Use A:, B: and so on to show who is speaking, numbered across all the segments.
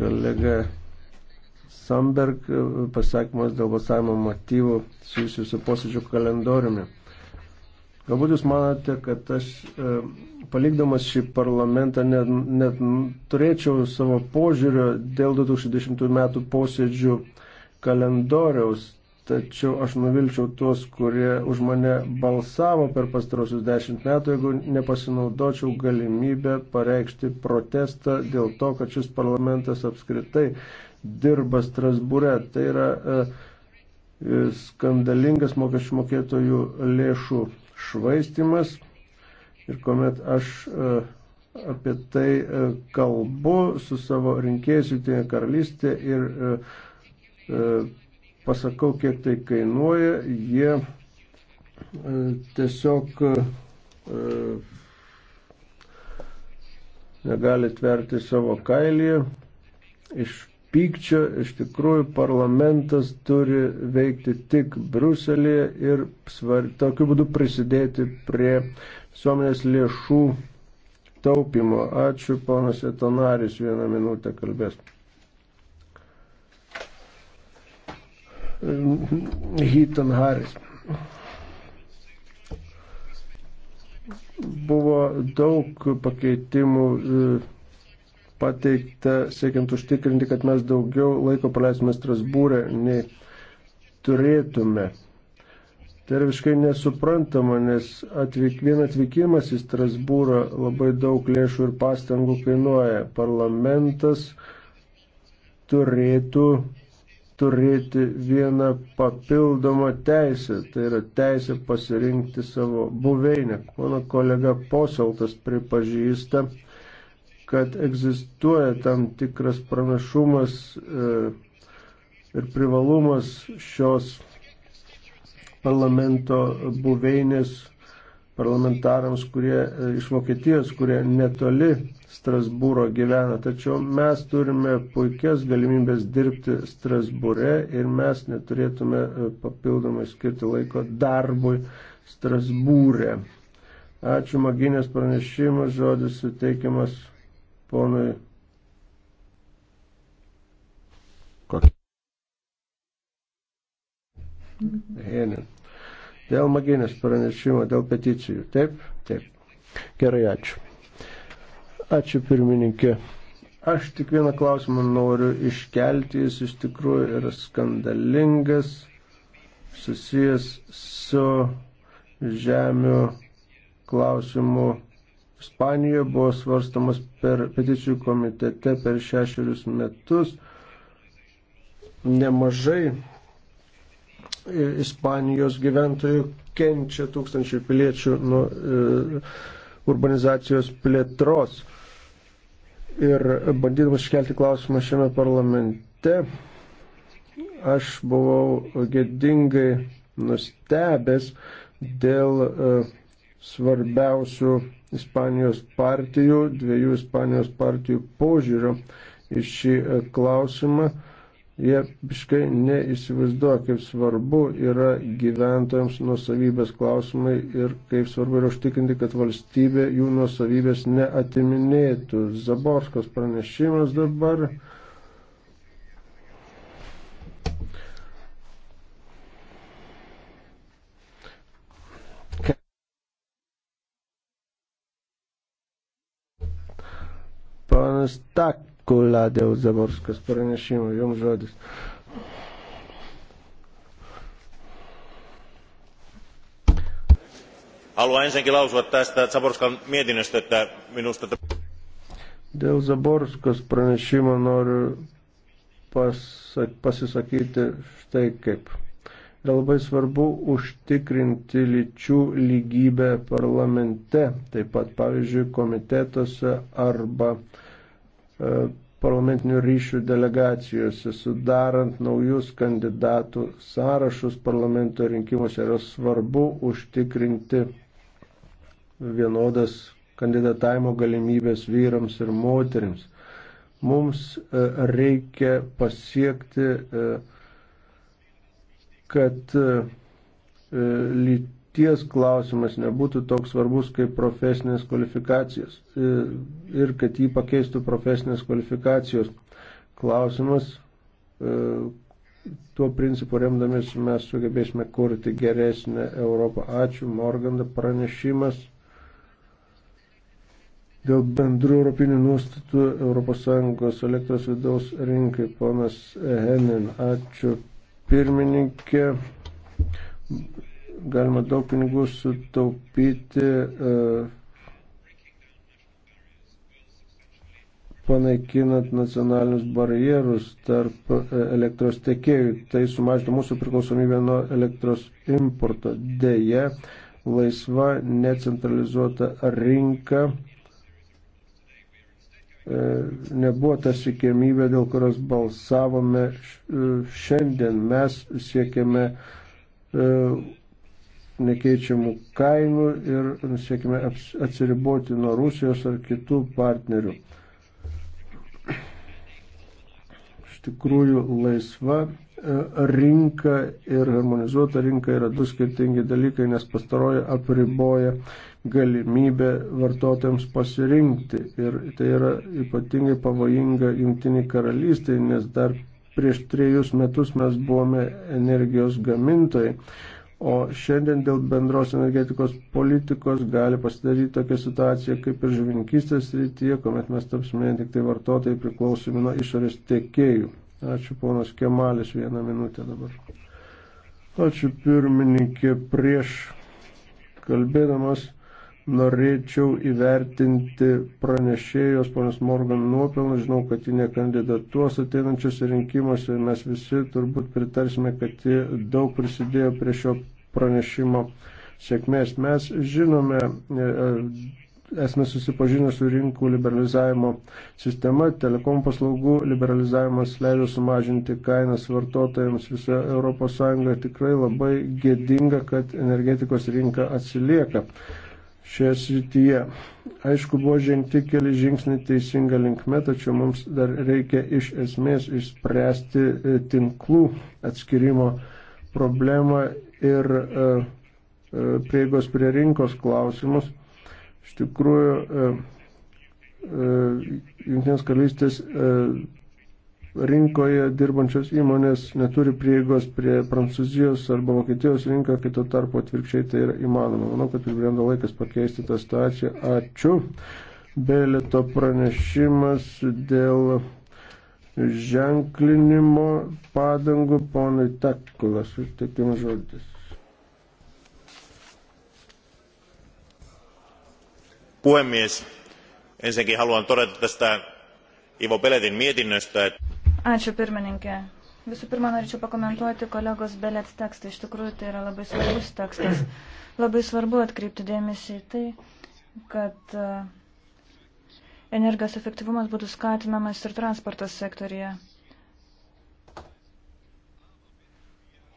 A: kolega Samberg e, pasakymas dėl balsavimo motyvų susijusių su posėdžių kalendoriumi. Galbūt jūs manote, kad aš e, palikdamas šį parlamentą net, net turėčiau savo požiūrio dėl 2010 metų posėdžių kalendoriaus, tačiau aš nuvilčiau tuos, kurie už mane balsavo per pastarosius dešimt metų, jeigu nepasinaudočiau galimybę pareikšti protestą dėl to, kad šis parlamentas apskritai dirba Strasbūre. Tai yra e, e, skandalingas mokesčių mokėtojų lėšų švaistimas ir kuomet aš e, apie tai kalbu su savo rinkėjais Junktinė karalystė ir pasakau, kiek tai kainuoja, jie e, tiesiog e, negali tverti savo kailį. Iš pykčio iš tikrųjų parlamentas turi veikti tik Bruselėje ir svar, tokiu būdu prisidėti prie visuomenės lėšų taupimo. Ačiū, ponas Etonaris, vieną minutę kalbės. Heaton Harris. Buvo daug pakeitimų e, pateikta, siekiant užtikrinti, kad mes daugiau laiko praleisime Strasbūrę, nei turėtume. Tai yra visiškai nesuprantama, nes atvyk, vien atvykimas į Strasbūrą labai daug lėšų ir pastangų kainuoja. Parlamentas turėtų turėti vieną papildomą teisę, tai yra teisę pasirinkti savo buveinę. Mano kolega Poseltas pripažįsta, kad egzistuoja tam tikras pranašumas e, ir privalumas šios parlamento buveinės parlamentarams, kurie e, iš Vokietijos, kurie netoli Strasbūro gyvena. Tačiau mes turime puikias galimybės dirbti Strasbūre ir mes neturėtume e, papildomai skirti laiko darbui Strasbūre. Ačiū maginės pranešimas, žodis suteikiamas ponui. Kokį? Henin. Dėl maginės pranešimo, dėl peticijų. Taip, taip. Gerai, ačiū. Ačiū pirmininkė. Aš tik vieną klausimą noriu iškelti, jis iš tikrųjų yra skandalingas, susijęs su žemių klausimu. Ispanijoje buvo svarstamas per peticijų komitete per šešerius metus. Nemažai Ispanijos gyventojų kenčia tūkstančiai piliečių nuo e, urbanizacijos plėtros. Ir bandydamas iškelti klausimą šiame parlamente, aš buvau gėdingai nustebęs dėl e, svarbiausių Ispanijos partijų, dviejų Ispanijos partijų požiūrio į šį e, klausimą jie biškai neįsivaizduoja, kaip svarbu yra gyventojams nuosavybės klausimai ir kaip svarbu yra užtikrinti, kad valstybė jų nuosavybės neatiminėtų. Zaborskos pranešimas dabar. Panas Tak Taskula dėl Zaborskas pranešimo. Jums žodis.
B: Haluan ensinnäkin lausua tästä Zaborskan mietinnöstä, että minusta...
A: Dėl Zaborskas pranešimo noriu pasak, pasisakyti štai kaip. Yra labai svarbu užtikrinti lyčių lygybę parlamente, taip pat pavyzdžiui komitetuose arba uh, E, parlamentinių ryšių delegacijose, sudarant naujus kandidatų sąrašus parlamento rinkimuose yra svarbu užtikrinti vienodas kandidatavimo galimybės vyrams ir moteriams. Mums e, reikia pasiekti, e, kad lyčių lyties klausimas nebūtų toks svarbus kaip profesinės kvalifikacijos e, ir kad jį pakeistų profesinės kvalifikacijos klausimas. E, tuo principu remdamės mes sugebėsime kurti geresnę Europą. Ačiū, Morganda, pranešimas dėl bendrų europinių nuostatų ES elektros vidaus rinkai. Ponas Henin, ačiū pirmininkė galima daug pinigų sutaupyti e, panaikinant nacionalinius barjerus tarp e, elektros tiekėjų. Tai sumažina mūsų priklausomybę nuo elektros importo. Deja, laisva, necentralizuota rinka e, nebuvo ta siekėmybė, dėl kurios balsavome šiandien. Mes siekėme nekeičiamų kainų ir siekime atsiriboti nuo Rusijos ar kitų partnerių. Iš tikrųjų, laisva e, rinka ir harmonizuota rinka yra du skirtingi dalykai, nes pastaroji apriboja galimybę vartotojams pasirinkti. Ir tai yra ypatingai pavojinga jungtiniai karalystiai, nes dar prieš trejus metus mes buvome energijos gamintojai O šiandien dėl bendros energetikos politikos gali pasidaryti tokia situacija kaip ir žuvininkystės rytyje, kuomet mes tapsime tik tai vartotojai priklausomi nuo išorės tiekėjų. Ačiū ponas Kemalis vieną minutę dabar. Ačiū pirmininkė prieš kalbėdamas norėčiau įvertinti pranešėjos ponios Morgan nuopelnus. Žinau, kad ji nekandidatuos ateinančiose rinkimuose ir mes visi turbūt pritarsime, kad ji daug prisidėjo prie šio pranešimo sėkmės. Mes žinome, e, e, esame susipažinę su rinkų liberalizavimo sistema, telekom paslaugų liberalizavimas leido sumažinti kainas vartotojams visoje ES. Tikrai labai gėdinga, kad energetikos rinka atsilieka šioje srityje. Aišku, buvo žengti keli žingsniai teisinga linkme, tačiau mums dar reikia iš esmės išspręsti e, tinklų atskirimo problemą ir e, e, prieigos prie rinkos klausimus. Iš tikrųjų, Junktinės karalystės rinkoje dirbančios įmonės neturi prieigos prie Prancūzijos arba Vokietijos rinką, kai tuo tarpu atvirkščiai tai yra įmanoma. Manau, kad pribrendo laikas pakeisti tą situaciją. Ačiū. Belėto pranešimas dėl ženklinimo padangų ponai Takulas. Užteikimas žodis.
B: Puhemies, ensinnäkin haluan todeta tästä Ivo Peletin mietinnöstä, että
C: Ačiū pirmininkė. Visų pirma, norėčiau pakomentuoti kolegos Belets tekstą. Iš tikrųjų, tai yra labai svarbus tekstas. Labai svarbu atkreipti dėmesį į tai, kad e, energijos efektyvumas būtų skatinamas ir transporto sektorija.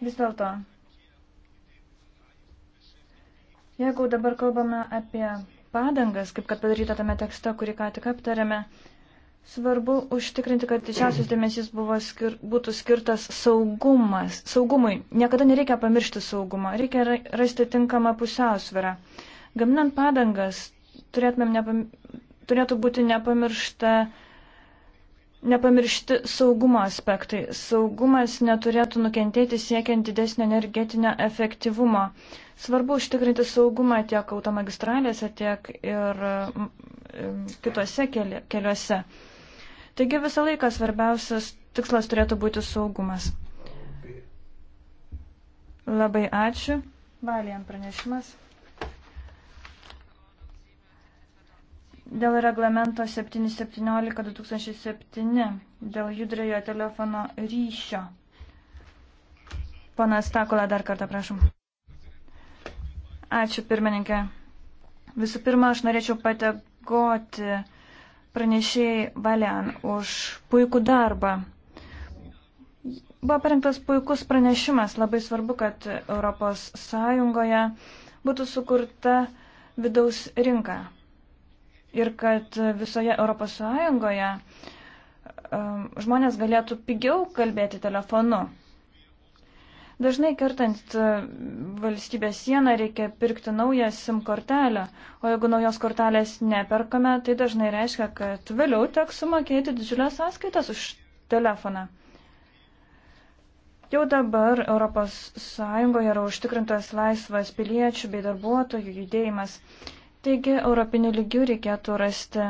C: Vis dėlto, jeigu dabar kalbame apie padangas, kaip kad padaryta tame tekste, kurį ką tik aptarėme, Svarbu užtikrinti, kad didžiausias dėmesys skir būtų skirtas saugumas, saugumui. Niekada nereikia pamiršti saugumo, reikia rasti tinkamą pusiausvyrą. Gaminant padangas nepam... turėtų būti nepamiršta, nepamiršti saugumo aspektai. Saugumas neturėtų nukentėti siekiant didesnio energetinio efektyvumo. Svarbu užtikrinti saugumą tiek automagistralėse, tiek ir kitose keliuose. Taigi visą laiką svarbiausias tikslas turėtų būti saugumas. Labai ačiū. Valijan pranešimas. Dėl reglamento 717-2007, dėl judrėjo telefono ryšio. Panas Takola, dar kartą prašom. Ačiū, pirmininkė. Visų pirma, aš norėčiau pategoti pranešėjai Valian už puikų darbą. Buvo parengtas puikus pranešimas. Labai svarbu, kad ES būtų sukurta vidaus rinka ir kad visoje ES um, žmonės galėtų pigiau kalbėti telefonu. Dažnai kertant e, valstybės sieną reikia pirkti naują SIM kortelę, o jeigu naujos kortelės neperkame, tai dažnai reiškia, kad vėliau teks sumokėti didžiulės sąskaitas už telefoną. Jau dabar ES yra užtikrintas laisvas piliečių bei darbuotojų judėjimas. Taigi, europinių lygių reikėtų rasti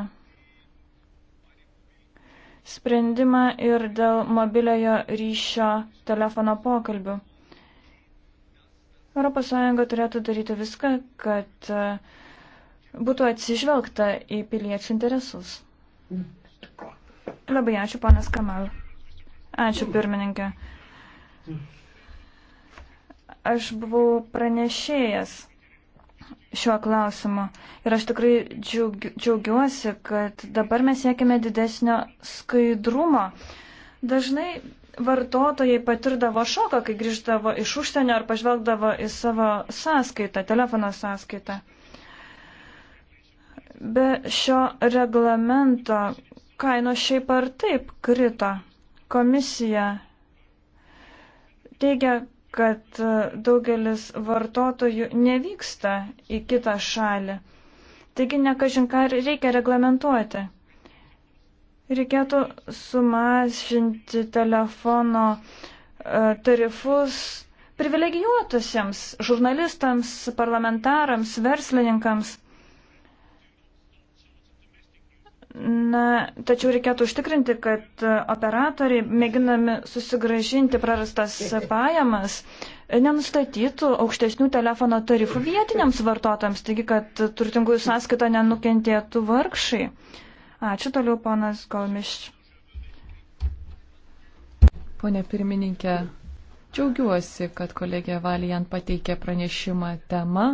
C: sprendimą ir dėl mobiliojo ryšio telefono pokalbių. ES turėtų daryti viską, kad e, būtų atsižvelgta į piliečių interesus. Labai ačiū, panas Kamal. Ačiū, pirmininkė. Aš buvau pranešėjęs šiuo klausimu ir aš tikrai džiaugiuosi, kad dabar mes siekime didesnio skaidrumo. Dažnai vartotojai patirdavo šoką, kai grįždavo iš užsienio ar pažvelgdavo į savo sąskaitą, telefono sąskaitą. Be šio reglamento kainos šiaip ar taip krito. Komisija teigia, kad daugelis vartotojų nevyksta į kitą šalį. Taigi nekažin ką reikia reglamentuoti. Reikėtų sumažinti telefono e, tarifus privilegijuotusiems žurnalistams, parlamentarams, verslininkams. Na, tačiau reikėtų užtikrinti, kad operatoriai, mėginami susigražinti prarastas pajamas, nenustatytų aukštesnių telefono tarifų vietiniams vartotojams, taigi, kad turtingųjų sąskaita nenukentėtų vargšai. Uh, Ačiū toliau, ponas Golmiš.
B: Pone pirmininkė, džiaugiuosi, kad kolegė Valijan pateikė pranešimą temą,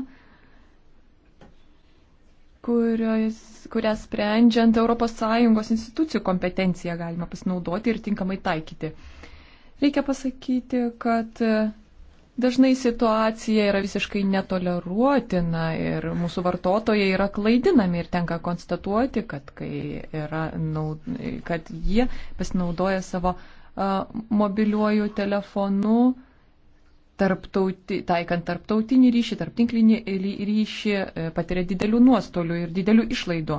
B: kurios, kurią sprendžiant ES institucijų kompetenciją galima pasinaudoti ir tinkamai taikyti. Reikia pasakyti, kad Dažnai situacija yra visiškai netoleruotina ir mūsų vartotojai yra klaidinami ir tenka konstatuoti, kad, yra, kad jie pasinaudoja savo uh, mobiliuoju telefonu, tarptauti, taikant tarptautinį ryšį, tarptinklinį ryšį, e, patiria didelių nuostolių ir didelių išlaidų.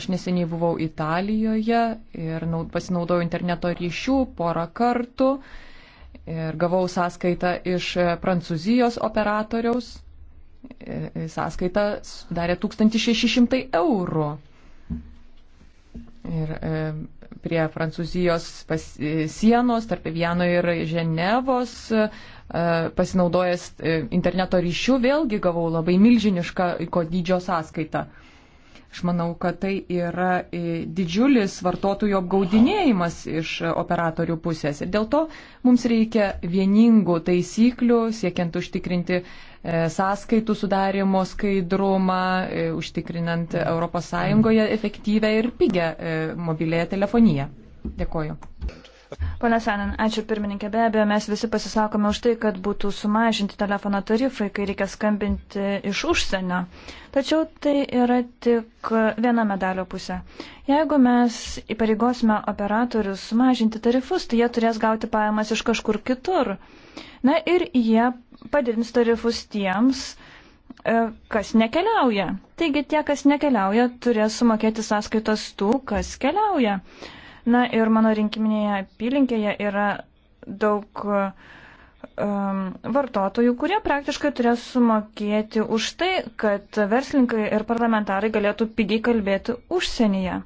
B: Aš neseniai buvau Italijoje ir pasinaudojau interneto ryšių porą kartų. Uh, ir gavau sąskaitą iš Prancūzijos operatoriaus. E, e, Sąskaita darė 1600 eurų. Ir e, prie Prancūzijos pas, sienos, tarp Vieno ir Ženevos, pasinaudojęs interneto ryšių, vėlgi gavau labai milžinišką kodydžio sąskaitą. Aš manau, kad tai yra e, didžiulis vartotojų apgaudinėjimas iš e, operatorių pusės. Ir dėl to mums reikia vieningų taisyklių, siekiant užtikrinti e, sąskaitų sudarimo skaidrumą, užtikrinant ES efektyvę ir pigę mobilėją telefoniją. Dėkoju.
C: Pone Senin, ačiū pirmininkė. Be abejo, mes visi pasisakome už tai, kad būtų sumažinti telefono tarifai, kai reikia skambinti iš užsienio. Tačiau tai yra tik viena medalio pusė. Jeigu mes įpareigosime operatorius sumažinti tarifus, tai jie turės gauti pajamas iš kažkur kitur. Na ir jie padidins tarifus tiems, e, kas nekeliauja. Taigi tie, kas nekeliauja, turės sumokėti sąskaitas tų, kas keliauja. Na ir mano rinkiminėje apylinkėje yra daug um, vartotojų, kurie praktiškai turės sumokėti už tai, kad verslininkai ir parlamentarai galėtų pigiai kalbėti užsienyje.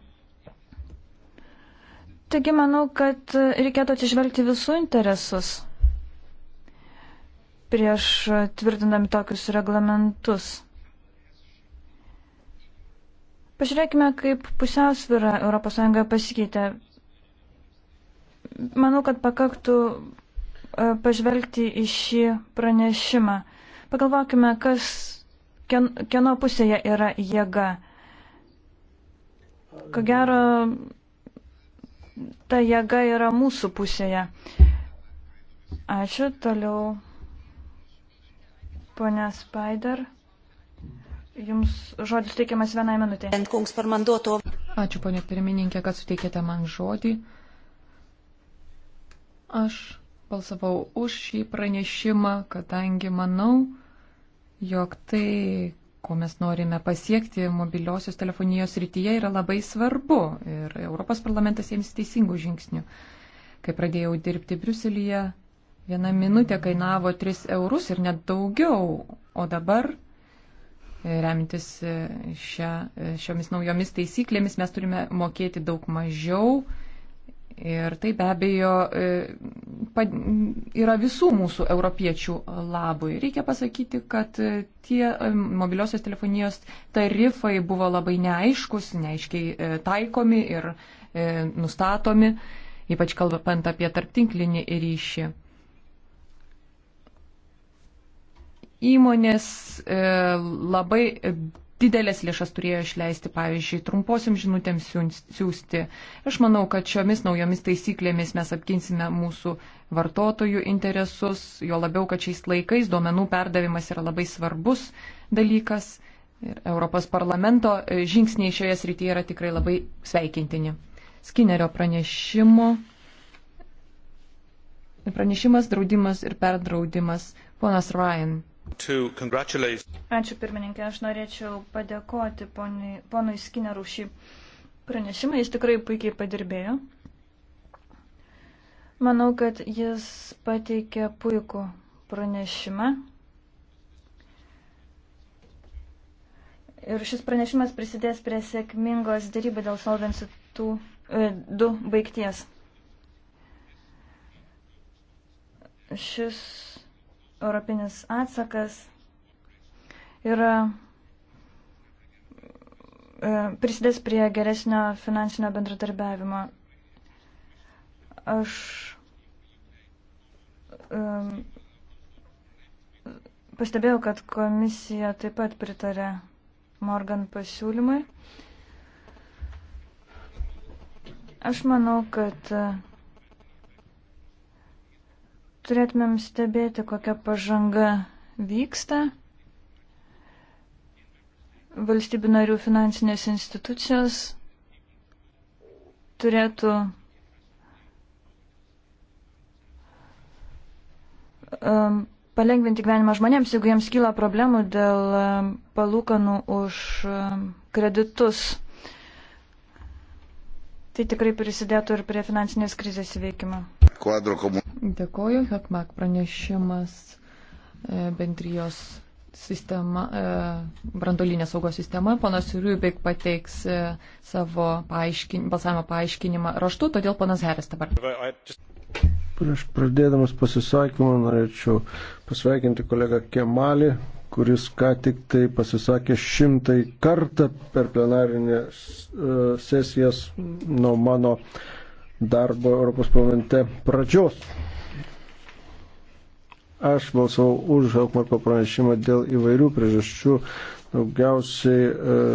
C: Taigi manau, kad reikėtų atsižvelgti visų interesus prieš tvirtindami tokius reglamentus. Pažiūrėkime, kaip pusiausvyrą ES pasikeitė. Manau, kad pakaktų e, pažvelgti į šį pranešimą. Pagalvokime, kas, kien, kieno pusėje yra jėga. Ko gero, ta jėga yra mūsų pusėje. Ačiū, toliau ponia Spaider. Jums žodis teikiamas vienai minutė. Ačiū, ponė pirmininkė, kad suteikėte man žodį.
B: Aš balsavau už šį pranešimą, kadangi manau, jog tai, ko mes norime pasiekti mobiliosios telefonijos rytyje, yra labai svarbu ir Europos parlamentas ėmėsi teisingų žingsnių. Kai pradėjau dirbti Briuselyje, viena minutė kainavo 3 eurus ir net daugiau, o dabar Remtis e, šia, e, šiomis naujomis taisyklėmis mes turime mokėti daug mažiau. Ir tai be abejo e, yra visų mūsų europiečių labui. Reikia pasakyti, kad tie mobiliosios telefonijos tarifai buvo labai neaiškus, neaiškiai taikomi ir nustatomi, ypač kalbant apie tarptinklinį ryšį. Įmonės e, labai didelės lėšas turėjo išleisti, pavyzdžiui, trumposiam žinutėms siūsti. Aš manau, kad šiomis naujomis taisyklėmis mes apginsime mūsų vartotojų interesus, jo labiau, kad šiais laikais duomenų perdavimas yra labai svarbus dalykas. Ir Europos parlamento e, žingsniai šioje srityje yra tikrai labai sveikintini. Skinerio pranešimo. Pranešimas, draudimas ir perdraudimas. Ponas Ryan.
C: Ačiū pirmininkė, aš norėčiau padėkoti ponui, ponui Skinnerų šį pranešimą, jis tikrai puikiai padirbėjo. Manau, kad jis pateikė puikų pranešimą. Ir šis pranešimas prisidės prie sėkmingos dėrybų dėl Solvency 2 e, baigties. Šis europinis atsakas yra e, prisidės prie geresnio finansinio bendradarbiavimo. Aš um, pastebėjau, kad komisija taip pat pritarė Morgan pasiūlymui. Aš manau, kad uh, turėtumėm stebėti, kokia pažanga vyksta. Valstybių narių finansinės institucijos turėtų um, palengvinti gyvenimą žmonėms, jeigu jiems kyla problemų dėl um, palūkanų už um, kreditus. Tai tikrai prisidėtų ir prie finansinės krizės įveikimo
A: quadro comunitario.
C: Dėkoju, Hekmak pranešimas e,
B: bendrijos sistema, e, brandolinė saugos sistema. Ponas Rubik pateiks e, savo paaiškin, balsavimo paaiškinimą raštu, todėl ponas Heris dabar.
A: Prieš pradėdamas pasisakymą norėčiau pasveikinti kolegą Kemalį, kuris ką tik tai pasisakė šimtai kartą per plenarinę sesijas nuo mano darbo Europos parlamente pradžios. Aš balsavau už Helmarko pranešimą dėl įvairių priežasčių, daugiausiai e,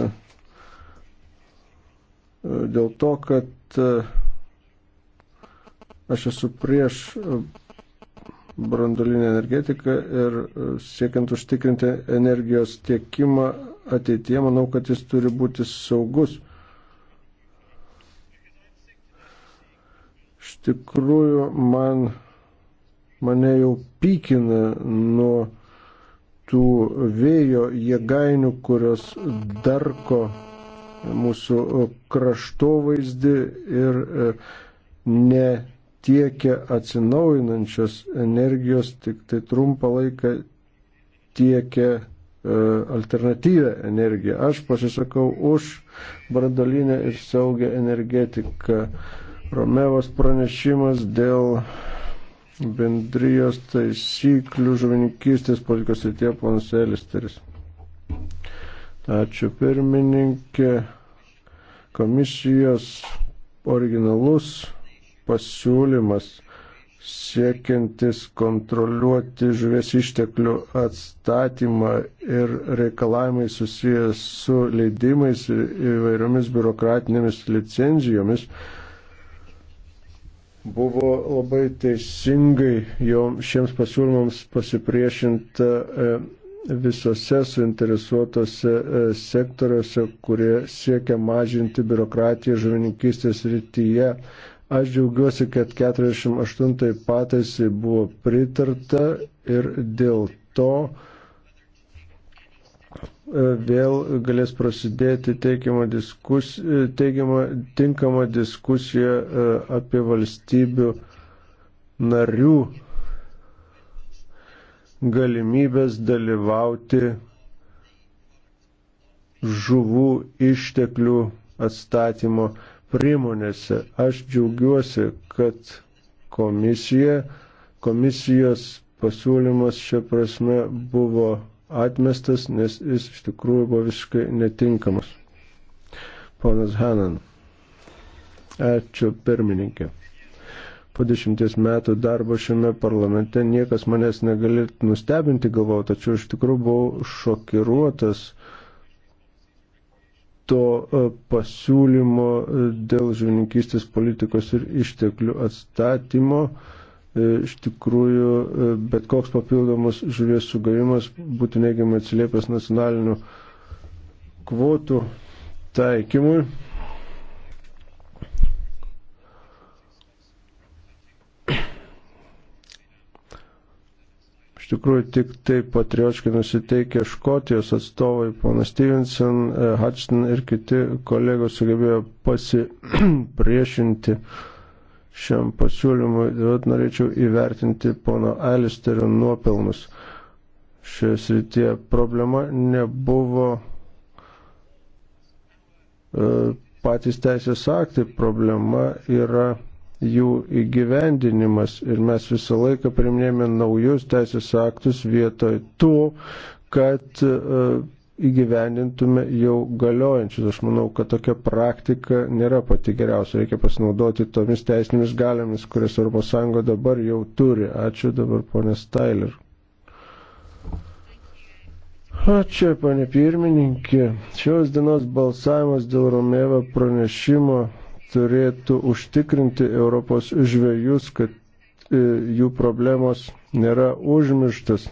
A: e, dėl to, kad e, aš esu prieš e, brandolinę energetiką ir e, siekiant užtikrinti energijos tiekimą ateityje, manau, kad jis turi būti saugus. Iš tikrųjų, man, mane jau pykina nuo tų vėjo jėgainių, kurios darko mūsų kraštovaizdį ir e, netiekia atsinaujinančios energijos, tik tai trumpą laiką tiekia e, alternatyvę energiją. Aš pasisakau už brandolinę ir saugę energetiką. Romevos pranešimas dėl bendrijos taisyklių žuvininkystės politikos ir tie ponas Elisteris. Ačiū pirmininkė. Komisijos originalus pasiūlymas siekiantis kontroliuoti žuvies išteklių atstatymą ir reikalavimai susijęs su leidimais ir įvairiomis biurokratinėmis licenzijomis buvo labai teisingai jau šiems pasiūlymams pasipriešinta e, visose suinteresuotose e, sektoriuose, kurie siekia mažinti biurokratiją žuvininkystės rytyje. Aš džiaugiuosi, kad 48 pataisai buvo pritarta ir dėl to, E, vėl galės prasidėti teigiama, diskus, e, teigiama tinkama diskusija e, apie valstybių narių galimybės dalyvauti žuvų išteklių atstatymo priemonėse. Aš džiaugiuosi, kad komisija, komisijos pasiūlymas šia prasme buvo atmestas, nes jis iš tikrųjų buvo visiškai netinkamas. Ponas Hanan. Ačiū pirmininkė. Po dešimties metų darbo šiame parlamente niekas manęs negali nustebinti galvau, tačiau iš tikrųjų buvau šokiruotas to e, pasiūlymo e, dėl žuvininkystės politikos ir išteklių atstatymo, E, iš tikrųjų e, bet koks papildomas žuvies sugavimas būtų neigiamai atsiliepęs nacionalinių kvotų taikymui. Iš tikrųjų tik taip patrioškai nusiteikę Škotijos atstovai, ponas Stevenson, e, Hudson ir kiti kolegos sugebėjo pasipriešinti šiam pasiūlymui, bet norėčiau įvertinti pono Alisterio nuopelnus šioje srityje. Problema nebuvo e, patys teisės aktai, problema yra jų įgyvendinimas ir mes visą laiką priminėjame naujus teisės aktus vietoj tų, kad e, įgyvendintume jau galiojančius. Aš manau, kad tokia praktika nėra pati geriausia. Reikia pasinaudoti tomis teisinėmis galiomis, kurias ES dabar jau turi. Ačiū dabar, ponė Stailer. Ačiū, ponė pirmininkė. Šios dienos balsavimas dėl Romėvo pranešimo turėtų užtikrinti Europos žvėjus, kad e, jų problemos nėra užmirštas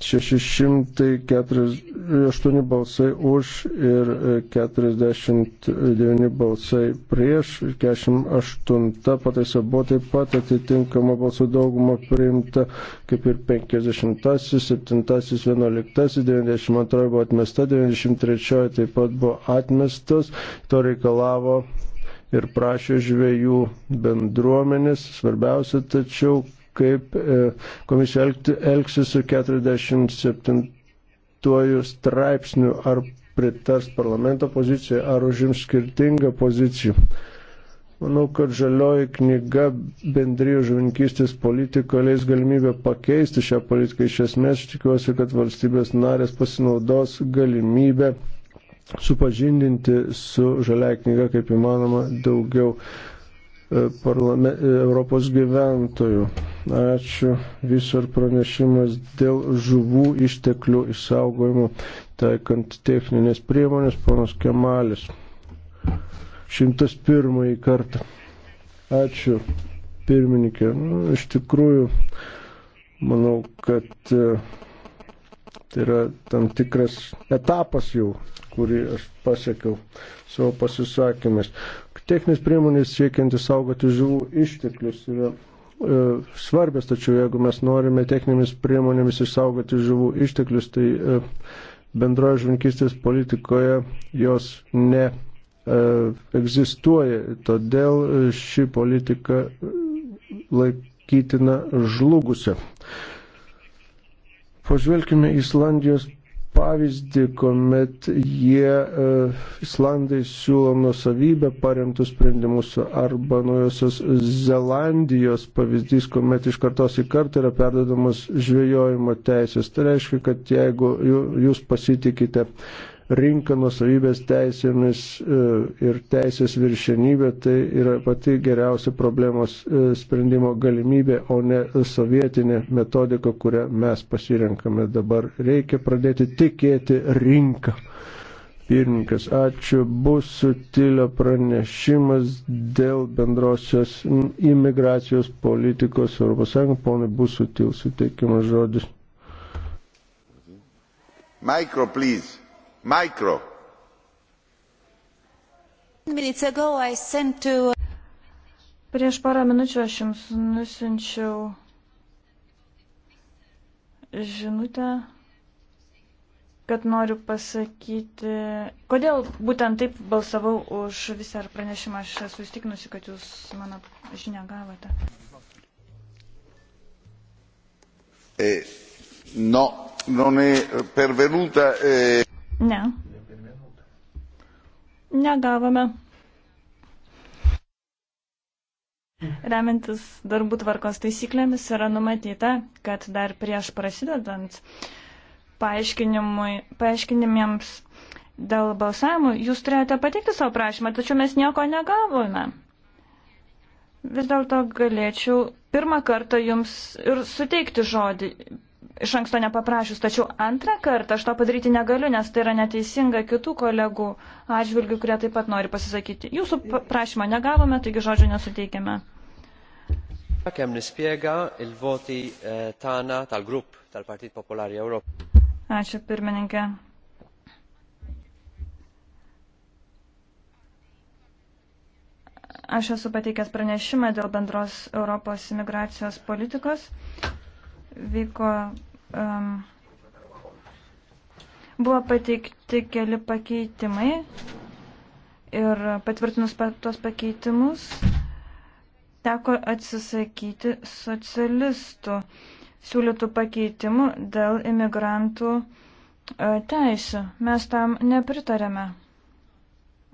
A: 608 balsai už ir 49 e, balsai prieš. 48 pataisa buvo taip pat atitinkama balsų dauguma priimta kaip ir 50, 7, 11, 92 buvo atmesta, 93 taip pat buvo atmestas. To reikalavo ir prašė žvėjų bendruomenės. Svarbiausia tačiau, kaip e, komisija elgsis su 47 straipsniu, ar pritars parlamento pozicijai, ar užims skirtingą poziciją. Manau, kad žalioji knyga bendrijų žuvinkystės politiko leis galimybę pakeisti šią politiką. Iš esmės, tikiuosi, kad valstybės narės pasinaudos galimybę supažindinti su žalia knyga kaip įmanoma daugiau E, parlame, e, Europos gyventojų. Ačiū visur pranešimas dėl žuvų išteklių išsaugojimo, taikant techninės priemonės, ponas Kemalis. 101 kartą. Ačiū pirmininkė. Nu, iš tikrųjų, manau, kad e, tai yra tam tikras etapas jau, kurį aš pasiekiau savo pasisakymais. Techninės priemonės siekiant išsaugoti žuvų išteklius yra e, svarbės, tačiau jeigu mes norime techninėmis priemonėmis išsaugoti žuvų išteklius, tai e, bendroje žvinkistės politikoje jos ne e, egzistuoja. Todėl e, ši politika laikytina žlugusią. Pažvelkime Islandijos pavyzdį, kuomet jie uh, Islandai siūlo nusavybę paremtus sprendimus arba naujosios Zelandijos pavyzdys, kuomet iš kartos į kartą yra perdodamas žvėjojimo teisės. Tai reiškia, kad jeigu jūs pasitikite rinka, nusavybės teisėmis e, ir teisės viršenybė, tai yra pati geriausia problemos e, sprendimo galimybė, o ne sovietinė metodika, kurią mes pasirenkame dabar. Reikia pradėti tikėti rinką. Pirmininkas, ačiū. Bus sutilio pranešimas dėl bendrosios imigracijos politikos Europos Sąjungos. Ponai, bus sutil suteikimas žodis. Micro, please. Micro.
C: Prieš porą minučių aš jums nusinčiau žinutę, kad noriu pasakyti, kodėl būtent taip balsavau už visą pranešimą. Aš esu įstikinusi, kad jūs mano žinią gavote.
A: E, no, non è pervenuta. E...
C: Ne. Negavome. Remiantis darbų tvarkos taisyklėmis yra numatyta, kad dar prieš prasidedant paaiškinimiems dėl balsavimo jūs turėjote pateikti savo prašymą, tačiau mes nieko negavome. Vis dėlto galėčiau pirmą kartą jums ir suteikti žodį iš anksto nepaprašius, tačiau antrą kartą aš to padaryti negaliu, nes tai yra neteisinga kitų kolegų atžvilgių, kurie taip pat nori pasisakyti. Jūsų prašymą negavome, taigi žodžio nesuteikėme.
A: E,
C: Ačiū pirmininkė. Aš esu pateikęs pranešimą dėl bendros Europos imigracijos politikos. Vyko um, buvo pateikti keli pakeitimai ir patvirtinus pa, tos pakeitimus teko atsisakyti socialistų siūlytų pakeitimų dėl imigrantų e, teisų. Mes tam nepritarėme.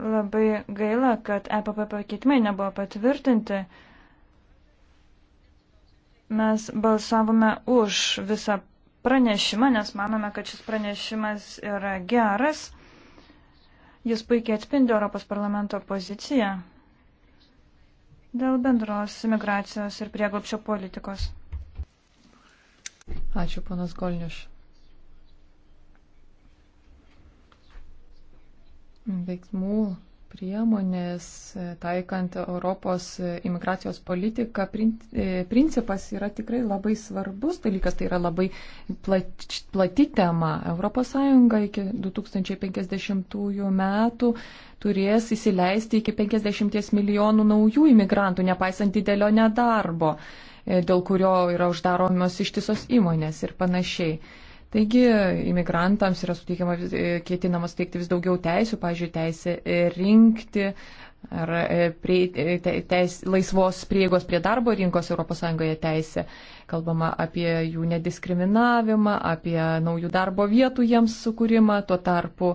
C: Labai gaila, kad EPP pakeitimai nebuvo patvirtinti. Mes balsavome už visą pranešimą, nes manome, kad šis pranešimas yra geras. Jis puikiai atspindi Europos parlamento poziciją dėl bendros imigracijos ir prieglopščio politikos. Ačiū, panas Golniš.
B: Veiksmų priemonės, e, taikant Europos imigracijos politiką, e, principas yra tikrai labai svarbus dalykas, tai yra labai plač, plati tema. ES iki 2050 metų turės įsileisti iki 50 milijonų naujų imigrantų, nepaisant didelio nedarbo, e, dėl kurio yra uždaromos ištisos įmonės ir panašiai. Taigi, imigrantams yra suteikiama, e, ketinama suteikti vis daugiau teisų, pažiūrėjau, teisė e, rinkti ar e, prie, teis, laisvos prieigos prie darbo rinkos ES teisė. Kalbama apie jų nediskriminavimą, apie naujų darbo vietų jiems sukūrimą, tuo tarpu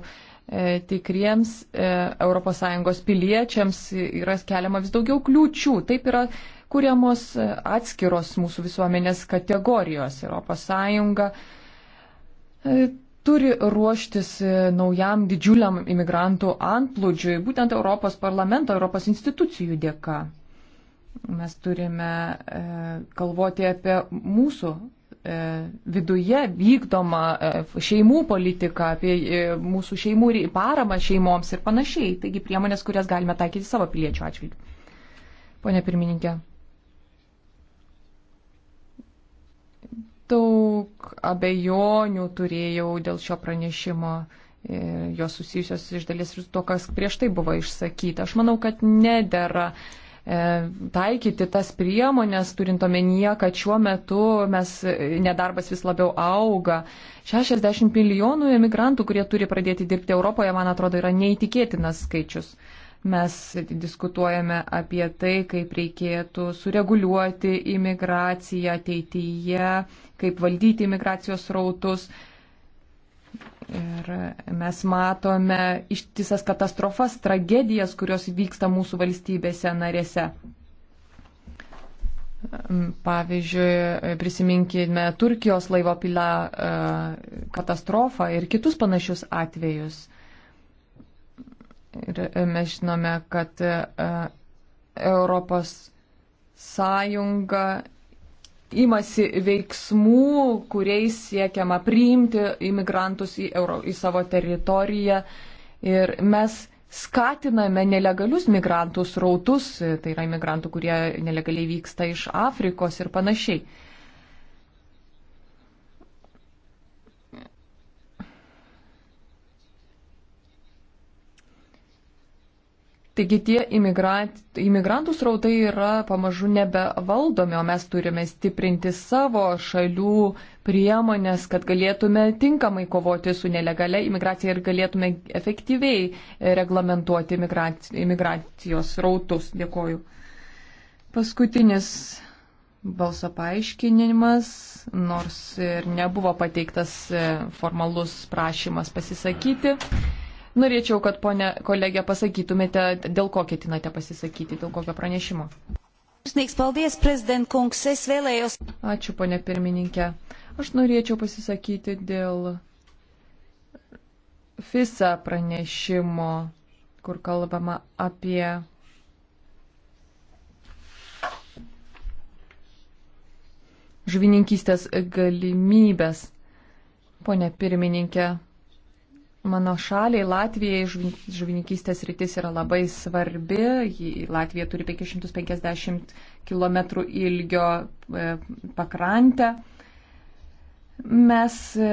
B: tikriems ES piliečiams yra keliama vis daugiau kliūčių. Taip yra kuriamos atskiros mūsų visuomenės kategorijos. ES E, turi ruoštis e, naujam didžiuliam imigrantų antplūdžiui, būtent Europos parlamento, Europos institucijų dėka. Mes turime e, galvoti apie mūsų viduje vykdomą šeimų politiką, apie mūsų šeimų paramą šeimoms ir panašiai. Taigi priemonės, kurias galime taikyti savo piliečių atžvilgiu. Pone pirmininkė. Daug abejonių turėjau dėl šio pranešimo, e, jos susijusios iš dalies ir to, kas prieš tai buvo išsakyta. Aš manau, kad nedėra e, taikyti tas priemonės, turint omenyje, kad šiuo metu mes e, nedarbas vis labiau auga. 60 milijonų emigrantų, kurie turi pradėti dirbti Europoje, man atrodo, yra neįtikėtinas skaičius. Mes diskutuojame apie tai, kaip reikėtų sureguliuoti imigraciją ateityje, kaip valdyti imigracijos rautus. Ir mes matome ištisas katastrofas, tragedijas, kurios vyksta mūsų valstybėse narėse. Pavyzdžiui, prisiminkime Turkijos laivo pila e, katastrofą ir kitus panašius atvejus. Ir e, mes žinome, kad e, Europos Sąjunga imasi veiksmų, kuriais siekiama priimti imigrantus į, Euro, į savo teritoriją. Ir mes skatiname nelegalius migrantus rautus, e, tai yra imigrantų, kurie nelegaliai vyksta iš Afrikos ir panašiai. Taigi tie imigrantų srautai yra pamažu nebevaldomi, o mes turime stiprinti savo šalių priemonės, kad galėtume tinkamai kovoti su nelegalia imigracija ir galėtume efektyviai reglamentuoti imigracijos srautus. Dėkoju. Paskutinis balso paaiškinimas, nors ir nebuvo pateiktas formalus prašymas pasisakyti. Norėčiau, kad ponė kolegė pasakytumėte, dėl ko ketinate pasisakyti, dėl kokio pranešimo. Ačiū, ponė pirmininkė. Aš norėčiau pasisakyti dėl FISA pranešimo, kur kalbama apie žuvininkystės galimybės. Pone pirmininkė, Mano šaliai Latvijai žuvininkystės rytis yra labai svarbi. Latvija turi 550 km ilgio e, pakrantę. Mes e,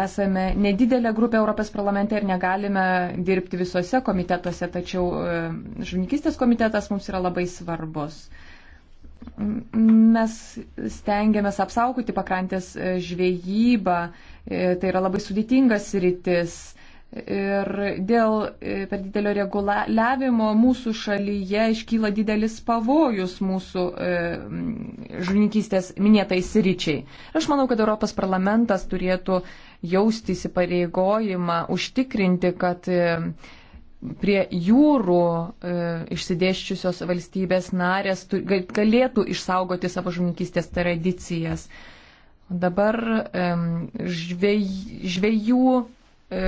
B: esame nedidelė grupė Europos parlamente ir negalime dirbti visose komitetuose, tačiau e, žuvininkystės komitetas mums yra labai svarbus. Mes stengiamės apsaugoti pakrantės žvejybą, tai yra labai sudėtingas rytis Ir dėl e, per didelio reguliavimo mūsų šalyje iškyla didelis pavojus mūsų e, žuvininkystės minėtai sričiai. Aš manau, kad Europos parlamentas turėtų jausti įsipareigojimą, užtikrinti, kad e, prie jūrų e, išsidėščiusios valstybės narės tu, galėtų išsaugoti savo žuvininkystės tradicijas. Dabar e, žvej, žvejų E,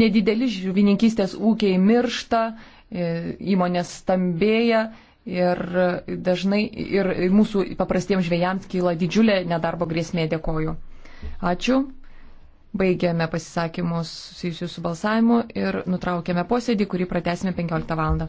B: nedideli žuvininkystės ūkiai miršta, e, įmonės stambėja ir dažnai ir mūsų paprastiems žvėjams kyla didžiulė nedarbo grėsmė. Dėkoju. Ačiū. Baigėme pasisakymus susijusius su balsavimu ir nutraukėme posėdį, kurį pratesime 15 val.